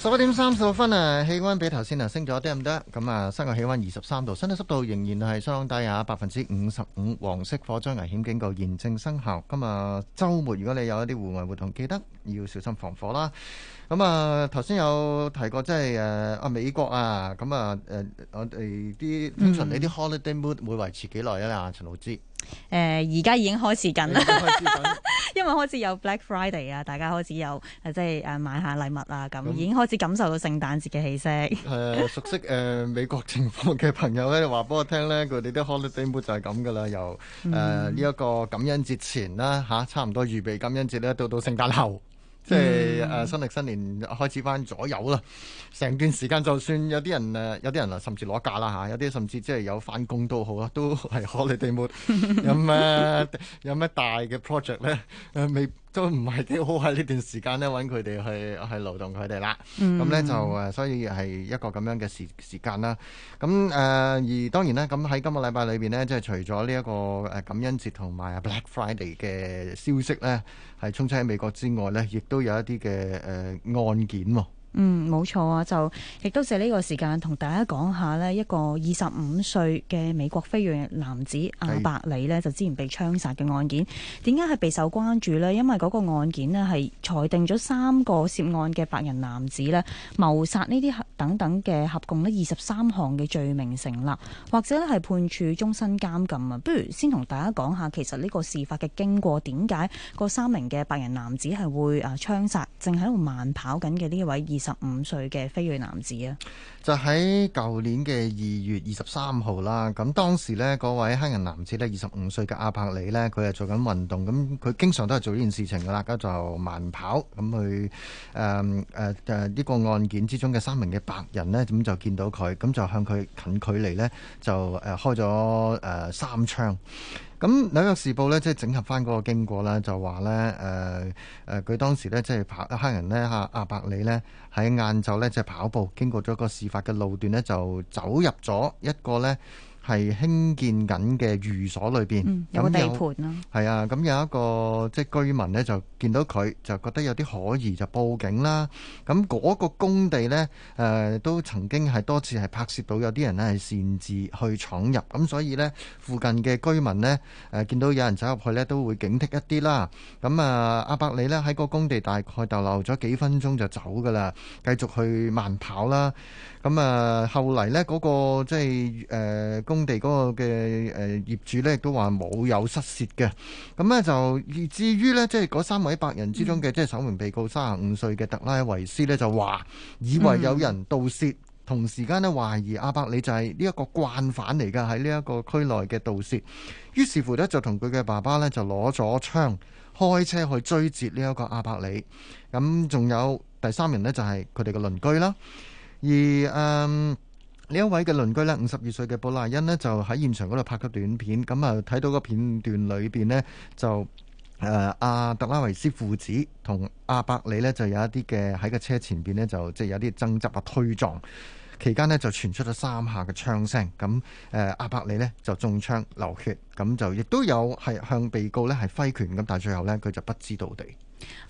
十一點三十六分啊，氣溫比頭先啊升咗啲唔得。咁啊，室外氣溫二十三度，相對濕度仍然係相當低下，百分之五十五，黃色火災危險警告現正生效。咁啊，周末如果你有一啲戶外活動，記得要小心防火啦。咁啊，頭先有提過，即係誒啊美國啊，咁啊誒我哋啲通常你啲 holiday mood 會維持幾耐啊？陳、mm hmm. 老師。誒，而家，呃，已經開始緊啦，開始緊 因為開始有 Black Friday 啊，大家開始有誒，即係誒買下禮物啊，咁，嗯，已經開始感受到聖誕節嘅氣息。誒、呃，熟悉誒、呃、美國情況嘅朋友咧，話俾 我聽咧，佢哋啲 holiday mood 就係咁噶啦，由誒呢一個感恩節前啦，吓、啊、差唔多預備感恩節咧，到到聖誕後。即係誒、啊、新歷新年開始翻左右啦，成段時間就算有啲人誒，有啲人啊，甚至攞假啦嚇，有啲甚至即係有返工都好啊，都係可你哋沒有咩有咩大嘅 project 咧誒未？都唔係幾好喺呢段時間咧揾佢哋去去勞動佢哋啦，咁呢就誒，所以係一個咁樣嘅時時間啦。咁、呃、誒，而當然啦，咁喺今個禮拜裏邊呢，即係除咗呢一個誒感恩節同埋 Black Friday 嘅消息呢，係衝出喺美國之外呢，亦都有一啲嘅誒案件喎、哦。嗯，冇錯啊，就亦都借呢個時間同大家講下咧，一個二十五歲嘅美國非裔男子阿伯是里咧，就之前被槍殺嘅案件，點解係備受關注咧？因為嗰個案件咧係裁定咗三個涉案嘅白人男子咧，謀殺呢啲等等嘅合共咧二十三項嘅罪名成立，或者咧係判處終身監禁啊！不如先同大家講下，其實呢個事發嘅經過，點解嗰三名嘅白人男子係會啊槍殺正喺度慢跑緊嘅呢位二十五歲嘅非裔男子啊，就喺舊年嘅二月二十三號啦。咁當時呢，嗰位黑人男子呢，二十五歲嘅阿柏里呢，佢係做緊運動，咁佢經常都係做呢件事情噶啦。咁就慢跑，咁去誒誒誒呢個案件之中嘅三名嘅白人呢，咁就見到佢，咁就向佢近距離呢，就誒、呃、開咗誒、呃、三槍。咁《紐約時報》呢咧，即係整合翻嗰個經過啦，就話咧，誒、呃、誒，佢、呃、當時咧，即係跑黑人咧嚇阿伯里呢，喺晏晝咧即係、跑步，經過咗個事發嘅路段呢，就走入咗一個咧，係興建緊嘅寓所裏邊，嗯嗯、有個地盤咯。係有、嗯、啊，咁有一個即係居民呢，就見到佢就覺得有啲可疑，就報警啦。咁、那、嗰個工地呢，誒、呃、都曾經係多次係拍攝到有啲人呢係擅自去闖入。咁、嗯、所以呢，附近嘅居民呢，誒、呃、見到有人走入去呢，都會警惕一啲啦。咁啊，阿伯里呢喺個工地大概逗留咗幾分鐘就走㗎啦，繼續去慢跑啦。咁啊，後嚟呢嗰個即係誒工地嗰個嘅誒業主呢，亦都話冇有失竊嘅。咁呢，就，至於呢，即係嗰三位白人之中嘅即係首名被告三十五歲嘅特拉維斯呢，就話以為有人盜竊，嗯、同時間呢懷疑阿伯里就係呢一個慣犯嚟噶，喺呢一個區內嘅盜竊。於是乎呢，就同佢嘅爸爸呢，就攞咗槍，開車去追截呢一個阿伯里。咁仲有第三名呢，就係佢哋嘅鄰居啦。而嗯呢一位嘅鄰居咧，五十二歲嘅布萊恩咧，就喺現場嗰度拍咗短片，咁啊睇到個片段裏邊咧，就誒阿、呃啊、特拉維斯父子同阿、啊、伯里咧，就有一啲嘅喺個車前邊咧，就即係有啲爭執啊推撞，期間呢就傳出咗三下嘅槍聲，咁誒阿伯里呢就中槍流血，咁就亦都有係向被告呢係揮拳，咁但係最後呢，佢就不知道地。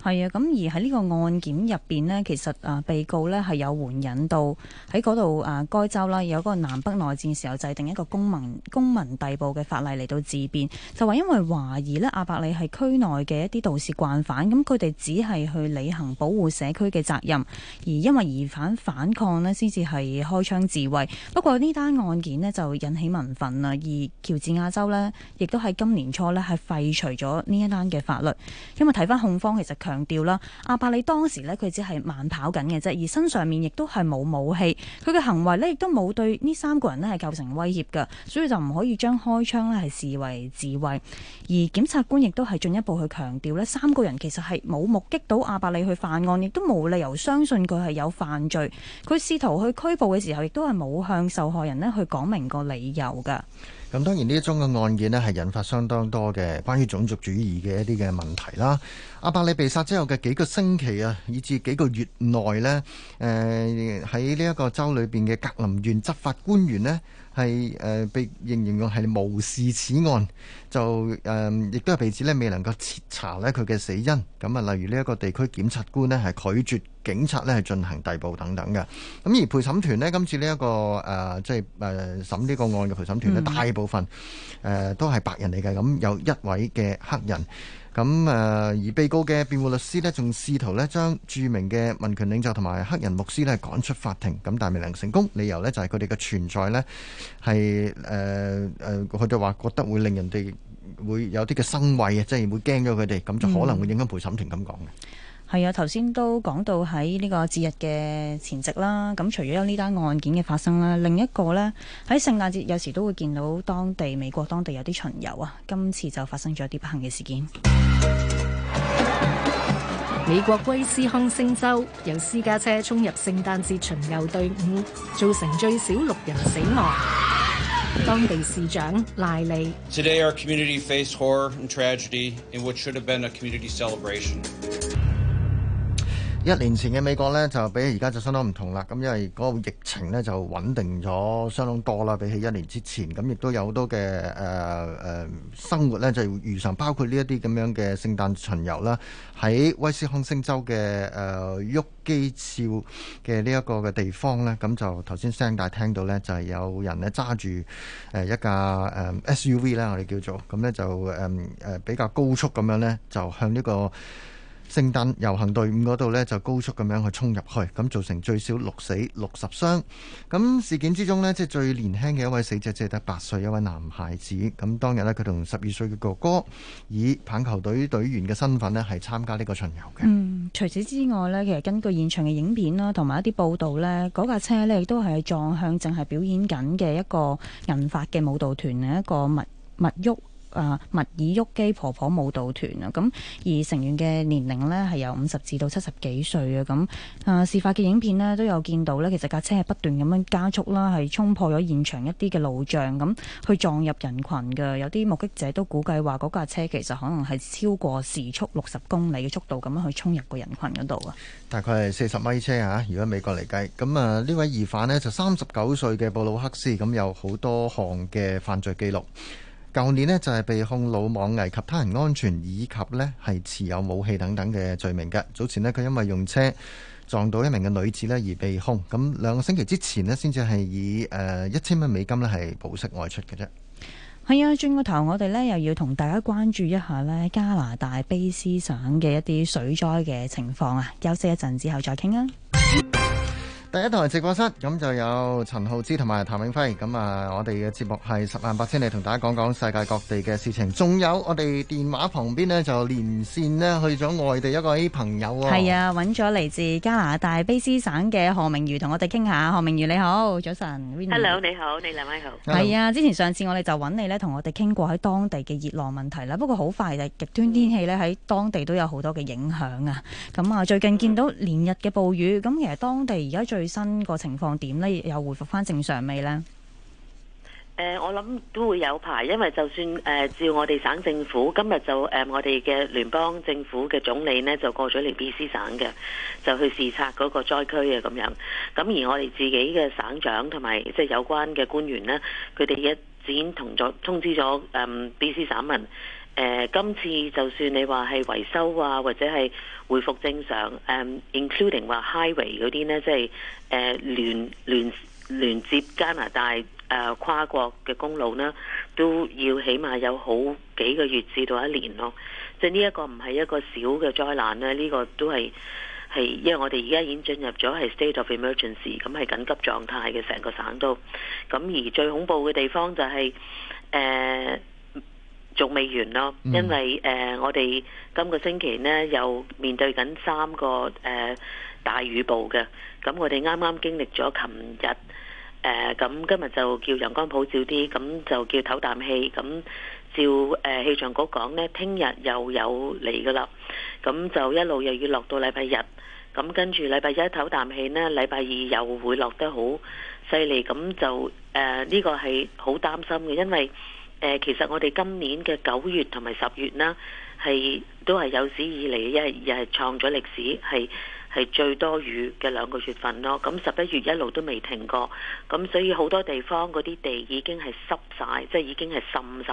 係啊，咁而喺呢個案件入邊呢，其實啊被告呢係有援引到喺嗰度啊該州啦，有嗰個南北內戰時候制定一個公民公民逮捕嘅法例嚟到自辯，就話因為懷疑呢阿伯利係區內嘅一啲盜竊慣犯，咁佢哋只係去履行保護社區嘅責任，而因為疑犯反抗呢，先至係開槍自衛。不過呢單案件呢就引起民憤啦，而喬治亞州呢亦都喺今年初呢係廢除咗呢一單嘅法律，因為睇翻控方。其實強調啦，阿伯利當時呢，佢只係慢跑緊嘅啫，而身上面亦都係冇武器，佢嘅行為呢，亦都冇對呢三個人呢係構成威脅噶，所以就唔可以將開槍呢係視為自衛。而檢察官亦都係進一步去強調呢三個人其實係冇目擊到阿伯利去犯案，亦都冇理由相信佢係有犯罪。佢試圖去拘捕嘅時候，亦都係冇向受害人呢去講明個理由噶。咁當然呢一宗嘅案件呢，係引發相當多嘅關於種族主義嘅一啲嘅問題啦。阿伯利被殺之後嘅幾個星期啊，以至幾個月內呢，誒喺呢一個州裏邊嘅格林縣執法官員呢，係誒、呃、被形容係無視此案，就誒、呃、亦都係被指呢未能夠徹查呢佢嘅死因。咁、呃、啊，例如呢一個地區檢察官呢，係拒絕警察呢係進行逮捕等等嘅。咁而陪審團呢，今次呢、這、一個誒即係誒審呢個案嘅陪審團呢，大部分誒、呃、都係白人嚟嘅，咁有一位嘅黑人。咁誒，而被告嘅辯護律師咧，仲試圖咧將著名嘅民權領袖同埋黑人牧師咧趕出法庭，咁但係未能成功。理由咧就係佢哋嘅存在咧係誒誒，佢就話覺得會令人哋會有啲嘅生畏啊，即係會驚咗佢哋，咁就可能會影響陪審庭咁講嘅。嗯係啊，頭先都講到喺呢個節日嘅前夕啦。咁除咗有呢單案件嘅發生啦，另一個呢，喺聖誕節有時都會見到當地美國當地有啲巡遊啊。今次就發生咗啲不幸嘅事件。美國威斯康星州由私家車衝入聖誕節巡遊隊伍，造成最少六人死亡。當地市長賴利。Today our 一年前嘅美國呢，就比起而家就相當唔同啦。咁因為嗰個疫情呢，就穩定咗，相當多啦。比起一年之前，咁亦都有好多嘅誒誒生活呢，就如常。包括呢一啲咁樣嘅聖誕巡遊啦，喺威斯康星州嘅誒沃基肖嘅呢一個嘅地方呢，咁就頭先聲大聽到呢，就係、是、有人呢揸住誒一架誒、呃、SUV 啦，我哋叫做咁呢，就誒誒、呃、比較高速咁樣呢，就向呢、這個。聖誕遊行隊伍嗰度呢，就高速咁樣去衝入去，咁造成最少六死六十傷。咁事件之中呢，即係最年輕嘅一位死者，即係得八歲一位男孩子。咁當日呢，佢同十二歲嘅哥哥以棒球隊隊員嘅身份呢，係參加呢個巡遊嘅。嗯，除此之外呢，其實根據現場嘅影片啦，同埋一啲報道呢，嗰架車呢，亦都係撞向淨係表演緊嘅一個銀髮嘅舞蹈團嘅一個密密郁。啊！密爾沃基婆婆舞蹈團啊，咁、嗯、而成員嘅年齡咧係由五十至到七十幾歲啊，咁、嗯、啊、呃，事發嘅影片咧都有見到咧，其實架車係不斷咁樣加速啦，係衝破咗現場一啲嘅路障，咁、嗯、去撞入人群嘅。有啲目擊者都估計話嗰架車其實可能係超過時速六十公里嘅速度咁樣去衝入個人群嗰度啊。大概係四十米車啊，如果美國嚟計咁啊，位呢位疑犯咧就三十九歲嘅布魯克斯，咁有好多項嘅犯罪記錄。舊年咧就係被控魯莽危及他人安全，以及咧係持有武器等等嘅罪名嘅。早前咧佢因為用車撞到一名嘅女子咧而被控。咁兩個星期之前咧先至係以誒一千蚊美金咧係保釋外出嘅啫。係啊，轉個頭我呢，我哋咧又要同大家關注一下咧加拿大卑詩省嘅一啲水災嘅情況啊。休息一陣之後再傾啊。第一台直播室咁就有陳浩之同埋譚永輝，咁啊我哋嘅節目係十萬八千里，同大家講講世界各地嘅事情，仲有我哋電話旁邊咧就連線咧去咗外地一位朋友、哦、啊，係啊，揾咗嚟自加拿大卑詩省嘅賀明禹同我哋傾下，賀明禹你好，早晨，Hello 你好，你兩位好，係好啊，之前上次我哋就揾你咧同我哋傾過喺當地嘅熱浪問題啦，不過好快就極端天氣咧喺當地都有好多嘅影響啊，咁啊最近見到連日嘅暴雨，咁其實當地而家最新個情況點呢？又回復翻正常未呢？誒，我諗都會有排，因為就算誒、呃，照我哋省政府今日就誒、呃，我哋嘅聯邦政府嘅總理呢，就過咗嚟 BC 省嘅，就去視察嗰個災區嘅咁樣。咁、呃、而我哋自己嘅省長同埋即係有關嘅官員呢，佢哋一展同咗通知咗誒 BC 省民。誒、呃，今次就算你話係維修啊，或者係回復正常，誒、um,，including 話 highway 嗰啲呢，即係誒聯聯聯接加拿大誒、呃、跨國嘅公路呢，都要起碼有好幾個月至到一年咯。即係呢一個唔係一個小嘅災難呢，呢、這個都係係因為我哋而家已經進入咗係 state of emergency，咁係緊急狀態嘅成個省都。咁而最恐怖嘅地方就係、是、誒。呃仲未完咯，因為誒我哋今個星期呢又面對緊三個誒大雨暴嘅，咁我哋啱啱經歷咗琴日誒，咁今日就叫陽光普照啲，咁就叫唞啖氣，咁照誒氣象局講呢，聽日又有嚟噶啦，咁就一路又要落到禮拜日，咁跟住禮拜一唞啖氣呢，禮拜二又會落得好犀利，咁就誒呢個係好擔心嘅，因為，誒，其實我哋今年嘅九月同埋十月呢，係都係有史以嚟一又係創咗歷史，係係最多雨嘅兩個月份咯。咁十一月一路都未停過，咁所以好多地方嗰啲地已經係濕晒，即係已經係滲晒。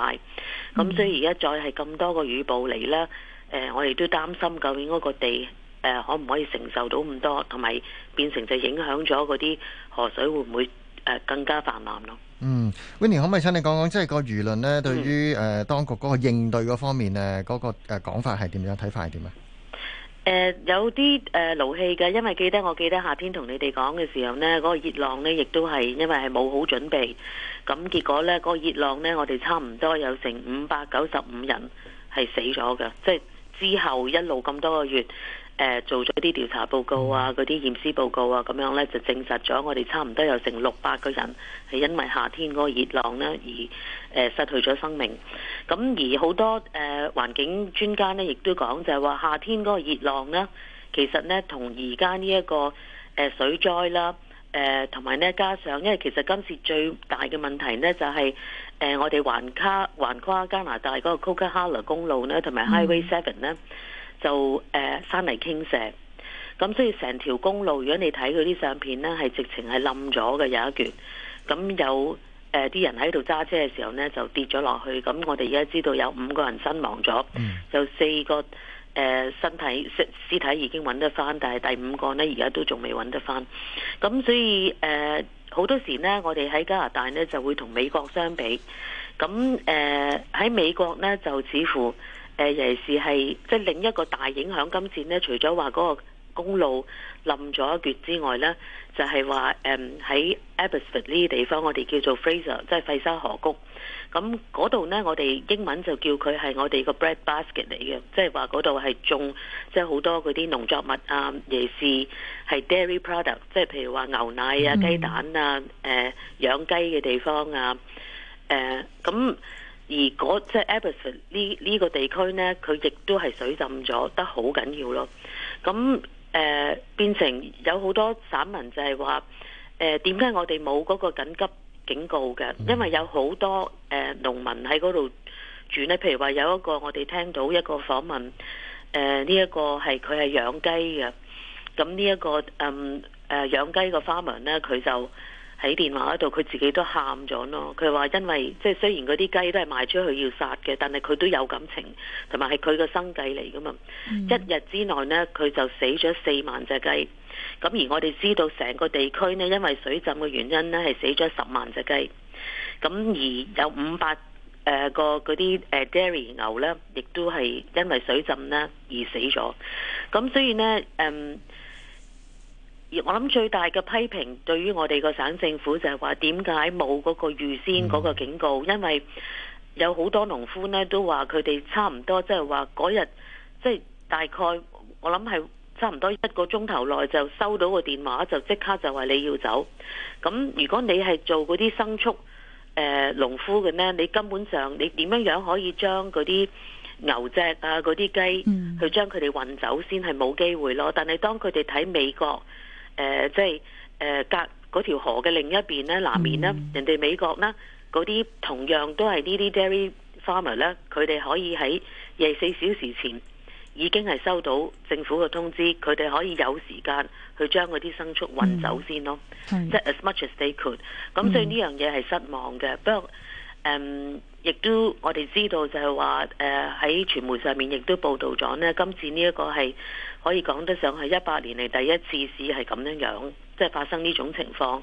咁、嗯、所以而家再係咁多個雨暴嚟呢，誒、呃，我哋都擔心究竟嗰個地誒、呃、可唔可以承受到咁多，同埋變成就影響咗嗰啲河水會唔會誒、呃、更加泛濫咯？嗯，Winnie 可唔可以請你講講，即係個輿論咧，對於誒當局嗰個應對嗰方面咧，嗰個誒講法係點樣？睇法係點啊？誒，有啲誒勞氣嘅，因為記得我記得夏天同你哋講嘅時候咧，嗰個熱浪咧，亦都係因為係冇好準備，咁結果咧，個熱浪咧，我哋差唔多有成五百九十五人係死咗嘅，即係之後一路咁多個月。誒做咗啲調查報告啊，嗰啲驗屍報告啊，咁樣呢就證實咗我哋差唔多有成六百個人係因為夏天嗰個熱浪呢而誒失去咗生命。咁而好多誒、呃、環境專家呢，亦都講就係話夏天嗰個熱浪呢，其實呢同而家呢一個誒水災啦，誒同埋呢加上因為其實今次最大嘅問題呢，就係、是、誒、呃、我哋橫跨橫跨加拿大嗰個 Coquihalla 公路呢，同埋 Highway Seven 呢。嗯就誒、呃、山泥傾瀉，咁所以成條公路，如果你睇佢啲相片呢，係直情係冧咗嘅有一段。咁有誒啲、呃、人喺度揸車嘅時候呢，就跌咗落去。咁我哋而家知道有五個人身亡咗，有、嗯、四個誒、呃、身體屍屍體已經揾得翻，但係第五個呢，而家都仲未揾得翻。咁所以誒好、呃、多時呢，我哋喺加拿大呢，就會同美國相比。咁誒喺美國呢，就似乎。誒尤其係即係另一個大影響今次呢，除咗話嗰個公路冧咗一橛之外呢，就係話誒喺 Abbotsford 呢啲地方，我哋叫做 Fraser 即係菲沙河谷。咁嗰度呢，我哋英文就叫佢係我哋個 breadbasket 嚟嘅，即係話嗰度係種即係好多嗰啲農作物啊，尤其係 dairy product，即係譬如話牛奶啊、雞蛋啊、誒、嗯呃、養雞嘅地方啊，誒、呃、咁。而嗰即係 Abbotsford 呢，呢個地區咧，佢亦都係水浸咗，得好緊要咯。咁誒、呃、變成有好多散民就係話誒點解我哋冇嗰個緊急警告嘅？因為有好多誒、呃、農民喺嗰度住咧。譬如話有一個我哋聽到一個訪問誒，呢一個係佢係養雞嘅。咁呢一個嗯誒、呃、養雞嘅 farmer 咧，佢就。喺電話嗰度，佢自己都喊咗咯。佢話因為即係雖然嗰啲雞都係賣出去要殺嘅，但係佢都有感情，同埋係佢個生計嚟噶嘛。一日之內呢，佢就死咗四萬隻雞。咁而我哋知道成個地區呢，因為水浸嘅原因呢，係死咗十萬隻雞。咁而有五百誒個嗰啲、呃、誒、呃、dairy 牛呢，亦都係因為水浸呢而死咗。咁所以呢。誒、嗯。我諗最大嘅批評對於我哋個省政府就係話點解冇嗰個預先嗰個警告？因為有好多農夫呢都話佢哋差唔多，即係話嗰日即係大概我諗係差唔多一個鐘頭內就收到個電話，就即刻就話你要走。咁如果你係做嗰啲牲畜誒呃、農夫嘅呢，你根本上你點樣樣可以將嗰啲牛隻啊嗰啲雞去將佢哋運走先係冇機會咯。但係當佢哋睇美國。誒、呃，即係誒、呃，隔嗰條河嘅另一邊呢，南面呢，嗯、人哋美國呢，嗰啲同樣都係呢啲 dairy farmer 呢。佢哋可以喺廿四小時前已經係收到政府嘅通知，佢哋可以有時間去將嗰啲牲畜運走先咯，嗯、即係 as much as they could、嗯。咁對呢樣嘢係失望嘅。嗯、不過誒，亦、嗯、都我哋知道就係話誒喺傳媒上面亦都報道咗呢。今次呢一個係。可以講得上係一百年嚟第一次，試係咁樣樣，即係發生呢種情況。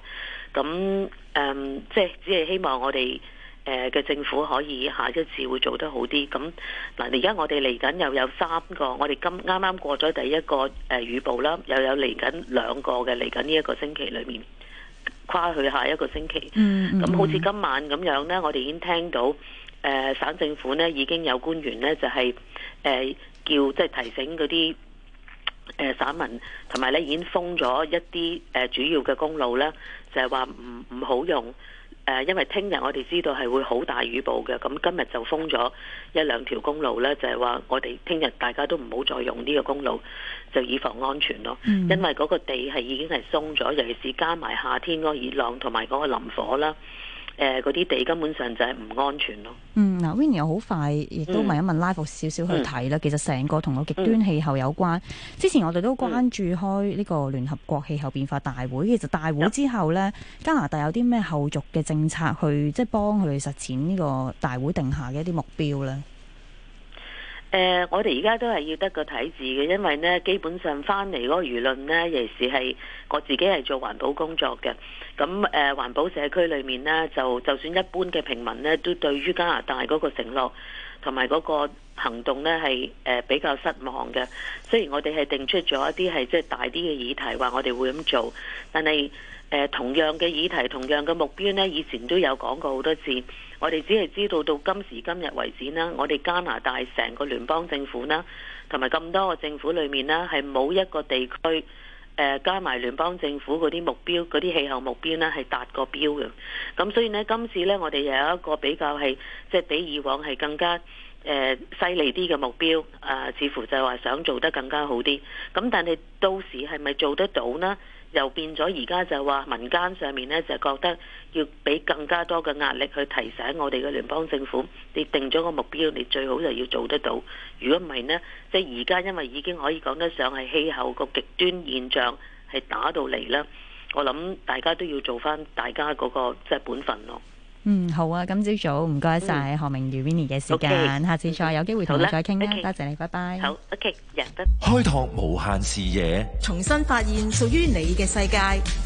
咁誒、嗯，即係只係希望我哋誒嘅政府可以下一次會做得好啲。咁嗱，而家我哋嚟緊又有三個，我哋今啱啱過咗第一個誒、呃、雨暴啦，又有嚟緊兩個嘅嚟緊呢一個星期裏面跨去下一個星期。咁、mm hmm. 好似今晚咁樣呢，我哋已經聽到誒、呃、省政府呢已經有官員呢，就係、是、誒、呃、叫即係、就是、提醒嗰啲。散文同埋咧，已經封咗一啲誒、呃、主要嘅公路啦，就係話唔唔好用誒、呃，因為聽日我哋知道係會好大雨暴嘅，咁、嗯、今日就封咗一兩條公路咧，就係、是、話我哋聽日大家都唔好再用呢個公路，就以防安全咯。嗯、因為嗰個地係已經係鬆咗，尤其是加埋夏天嗰個熱浪同埋嗰個林火啦。誒，嗰啲、呃、地根本上就係唔安全咯。嗯、嗱、啊、Winnie 又好快，亦都問一問、嗯、拉福少少去睇啦。嗯、其實成個同個極端氣候有關。嗯、之前我哋都關注開呢個聯合國氣候變化大會。其實大會之後呢，嗯、加拿大有啲咩後續嘅政策去即係幫佢哋實踐呢個大會定下嘅一啲目標呢？誒、呃，我哋而家都係要得個體字嘅，因為呢，基本上翻嚟嗰個輿論呢，尤其是係我自己係做環保工作嘅，咁誒、呃、環保社區裏面呢，就就算一般嘅平民呢，都對於加拿大嗰個承諾同埋嗰個行動呢，係誒、呃、比較失望嘅。雖然我哋係定出咗一啲係即係大啲嘅議題，話我哋會咁做，但係誒、呃、同樣嘅議題、同樣嘅目標呢，以前都有講過好多次。我哋只係知道到今時今日為止啦，我哋加拿大成個聯邦政府啦，同埋咁多個政府裏面啦，係冇一個地區，呃、加埋聯邦政府嗰啲目標、嗰啲氣候目標呢係達過標嘅。咁所以呢，今次呢，我哋又有一個比較係，即係比以往係更加。誒，犀利啲嘅目標，啊、呃，似乎就話想做得更加好啲。咁但係到時係咪做得到呢？又變咗而家就話民間上面呢，就是、覺得要俾更加多嘅壓力去提醒我哋嘅聯邦政府，你定咗個目標，你最好就要做得到。如果唔係呢，即係而家因為已經可以講得上係氣候個極端現象係打到嚟啦，我諗大家都要做翻大家嗰、那個即係、就是、本分咯。嗯，好啊！今朝早唔該晒賀明禹 Vinnie 嘅時間，okay, 下次再有機會同你再傾啦，多、okay, 謝謝你，拜拜。好，OK，日、yeah, 得開拓無限視野，重新發現屬於你嘅世界。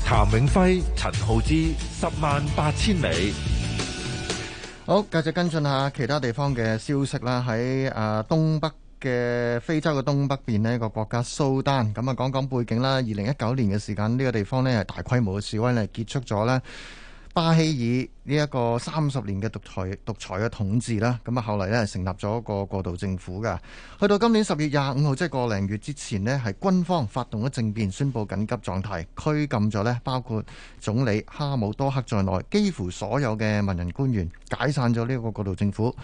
譚永輝、陳浩之，十萬八千里。好，繼續跟進下其他地方嘅消息啦。喺誒東北嘅非洲嘅東北邊咧，個國家蘇丹。咁啊，講講背景啦。二零一九年嘅時間，呢、這個地方呢，係大規模嘅示威咧結束咗啦。巴希爾呢一個三十年嘅獨裁獨裁嘅統治啦，咁啊後嚟咧成立咗個過渡政府嘅，去到今年十月廿五號，即係個零月之前呢，係軍方發動咗政變，宣布緊急狀態，拘禁咗咧包括總理哈姆多克在內，幾乎所有嘅文人官員，解散咗呢個過渡政府。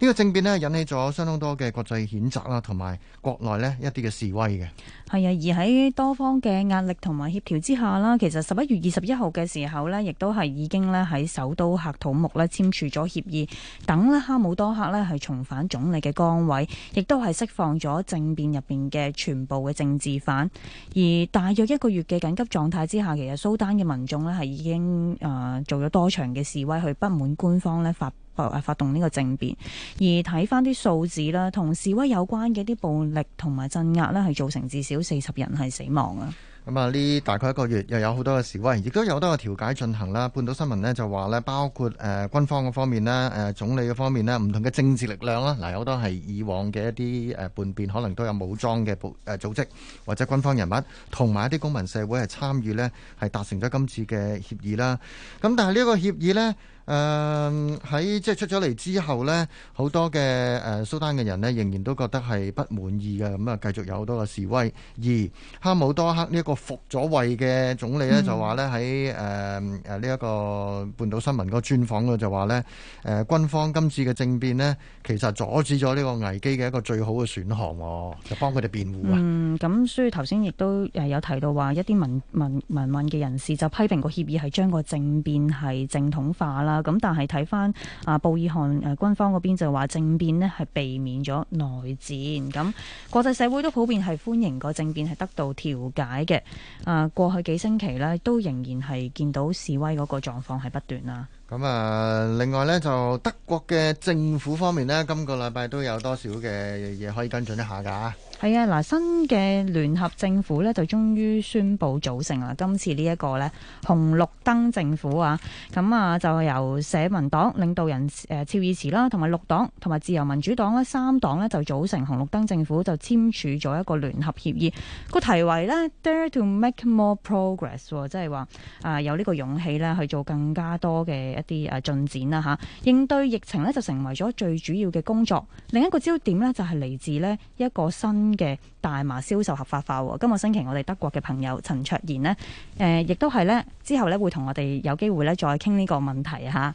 呢個政變咧引起咗相當多嘅國際譴責啦，同埋國內咧一啲嘅示威嘅。係啊，而喺多方嘅壓力同埋協調之下啦，其實十一月二十一號嘅時候咧，亦都係已經咧喺首都喀土木咧簽署咗協議，等咧哈姆多克咧係重返總理嘅崗位，亦都係釋放咗政變入邊嘅全部嘅政治犯。而大約一個月嘅緊急狀態之下，其實蘇丹嘅民眾咧係已經啊做咗多場嘅示威，去不滿官方咧發發動呢個政變，而睇返啲數字啦，同示威有關嘅啲暴力同埋鎮壓咧，係造成至少四十人係死亡啊！咁啊，呢大概一個月又有好多嘅示威，亦都有好多嘅調解進行啦。《半島新聞》呢就話咧，包括誒、呃、軍方嘅方面啦，誒、呃、總理嘅方面咧，唔同嘅政治力量啦，嗱、呃、好多係以往嘅一啲誒叛變，可能都有武裝嘅部誒、呃、組織或者軍方人物，同埋一啲公民社會係參與呢，係達成咗今次嘅協議啦。咁、呃、但係呢個協議呢，誒喺、嗯、即係出咗嚟之後呢，好多嘅誒、呃、蘇丹嘅人呢，仍然都覺得係不滿意嘅，咁、嗯、啊繼續有好多嘅示威。而、哈姆多克呢一個復咗位嘅總理呢，就話呢喺誒誒呢一個半島新聞個專訪度就話呢誒、呃、軍方今次嘅政變呢，其實阻止咗呢個危機嘅一個最好嘅選項，哦、就幫佢哋辯護嗯，咁所以頭先亦都誒有提到話，一啲民民民，民運嘅人士就批評個協議係將個政變係正統化啦。咁、啊、但係睇翻啊，布爾汗誒、啊、軍方嗰邊就話政變呢係避免咗內戰，咁、啊、國際社會都普遍係歡迎個政變係得到調解嘅。啊，過去幾星期呢，都仍然係見到示威嗰個狀況係不斷啦。咁啊、嗯，另外咧就德國嘅政府方面咧，今個禮拜都有多少嘅嘢可以跟進一下噶，係啊，嗱，新嘅聯合政府咧就終於宣布組成啦。今次呢一個咧紅綠燈政府啊，咁啊就由社民黨領導人誒肖爾茨啦，同、呃、埋綠黨同埋自由民主黨咧三黨咧就組成紅綠燈政府，就簽署咗一個聯合協議個題為咧 Dare to make more progress，即係話啊有呢個勇氣咧去做更加多嘅。一啲啊進展啦嚇，應對疫情咧就成為咗最主要嘅工作。另一個焦點咧就係嚟自呢一個新嘅大麻銷售合法化。今個星期我哋德國嘅朋友陳卓賢咧，誒亦都係咧之後咧會同我哋有機會咧再傾呢個問題嚇。啊。